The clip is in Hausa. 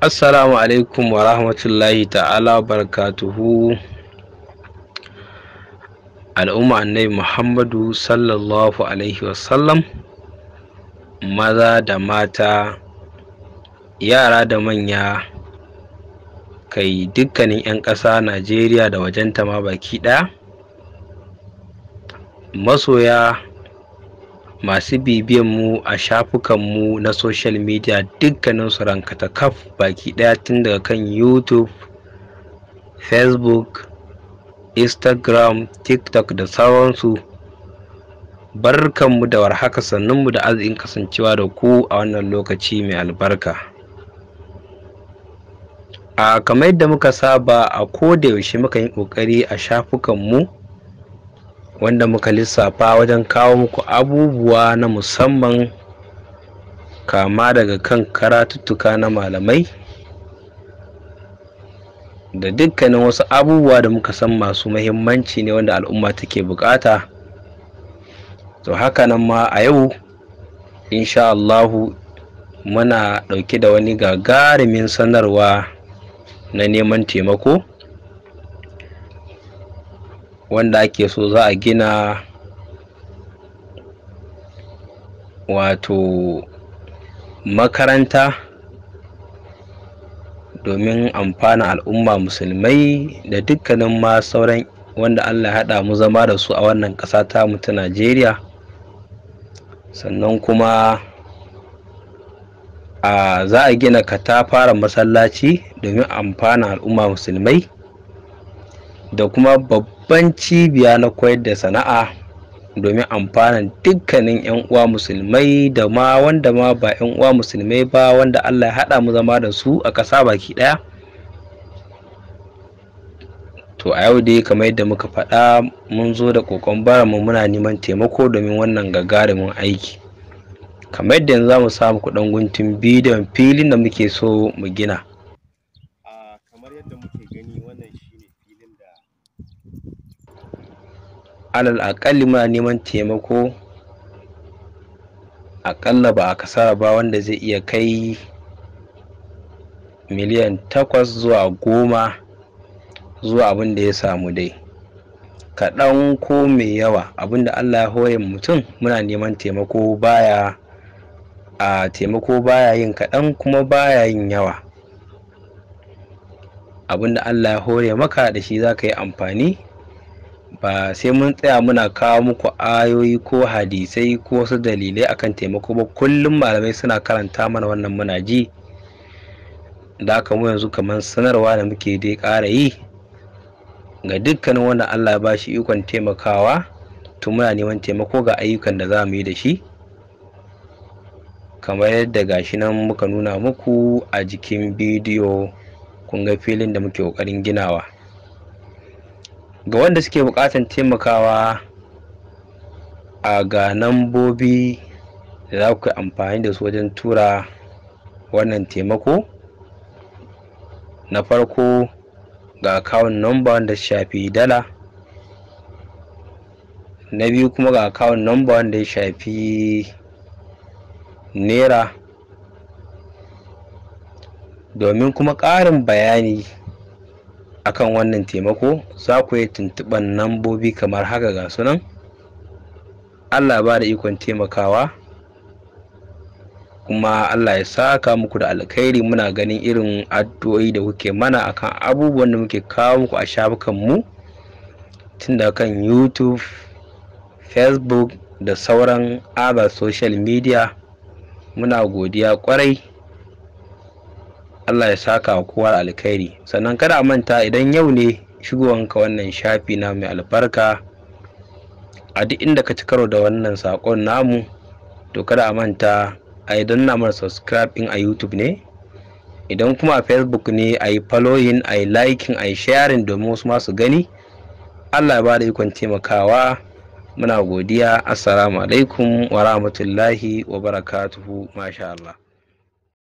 assalamu alaikum wa rahmatullahi ta'ala barakatuhu al'umma annabi muhammadu sallallahu alaihi wasallam maza da mata yara da manya kai dukkanin 'yan ƙasa najeriya da wajenta ma baki ɗaya masoya masu bibiyan mu a shafukan mu na social media dukkanin su rankata kaf baki daya tun daga kan youtube facebook instagram tiktok da sauransu barkanmu da warhaka sannunmu da arzikin kasancewa da ku a wannan lokaci mai albarka a kamar yadda muka saba a koda yaushe muka yi kokari a shafukan mu wanda muka lissafa wajen kawo muku abubuwa na musamman kama daga kan karatuttuka na malamai da dukkanin wasu abubuwa da muka san masu mahimmanci ne wanda al'umma take bukata to haka nan ma a yau insha Allahu muna ɗauke da wani gagarumin sanarwa na neman taimako wanda ake so za a gina wato makaranta domin amfana al'umma musulmai da dukkanin ma sauran wanda allah haɗa mu zama da su a wannan ƙasa ta mutu najeriya sannan kuma a za a gina katafaren masallaci domin amfana al'umma musulmai da kuma babban babban cibiya na koyar da sana'a domin amfanin dukkanin 'yan uwa musulmai da ma wanda ma ba 'yan uwa musulmai ba wanda allah ya haɗa mu zama da su a ƙasa baki ɗaya to a yau dai kamar yadda muka faɗa mun zo da kokon mu muna neman taimako domin wannan gagarumin aiki kamar yadda yanzu za mu samu kuɗin guntun bidiyon filin da muke so mu gina alal aƙalli muna neman taimako aƙalla ba a kasa ba wanda zai iya kai miliyan takwas zuwa goma zuwa abin da ya samu dai kaɗan ko mai yawa abin da allah ya hoye mutum muna neman taimako baya a taimako baya yin kaɗan kuma baya yin yawa abin da allah ya hore maka da shi za ka yi amfani ba sai mun tsaya muna kawo muku ayoyi ko hadisai ko wasu dalilai akan taimako ba kullum malamai suna karanta mana wannan muna ji da aka mu yanzu kamar sanarwa da muke dai ƙara yi ga dukkanin wanda Allah ya bashi ikon taimakawa to muna neman taimako ga ayyukan da za mu yi da shi kamar yadda gashi nan muka nuna muku a jikin bidiyo kun ga filin da muke ƙoƙarin ginawa ga wanda suke bukatan taimakawa a ga nambobi da za ku amfani da su wajen tura wannan taimako na farko ga akawun number wanda shafi dala na biyu kuma ga akawun number wanda ya shafi nera, domin kuma ƙarin bayani akan wannan taimako za ku yi tuntuɓar nambobi kamar haka ga sunan allah ba da ikon taimakawa kuma allah ya saka muku da alkhairi muna ganin irin addu'o'i da kuke mana akan abubuwan da muke kawo muku a shafukanmu tun da kan youtube facebook da sauran other social media muna godiya kwarai Allah ya saka wa kowa alkhairi sannan kada a manta idan yau ne shigowanka wannan shafi na mai albarka a duk inda ka ci karo da wannan sakon namu to kada a manta a yi danna mana subscribe in a youtube ne idan kuma a facebook ne a yi following a yi liking a yi sharing domin wasu masu gani allah ya bada ikon taimakawa muna godiya assalamu alaikum wa rahmatullahi wa barakatuhu masha allah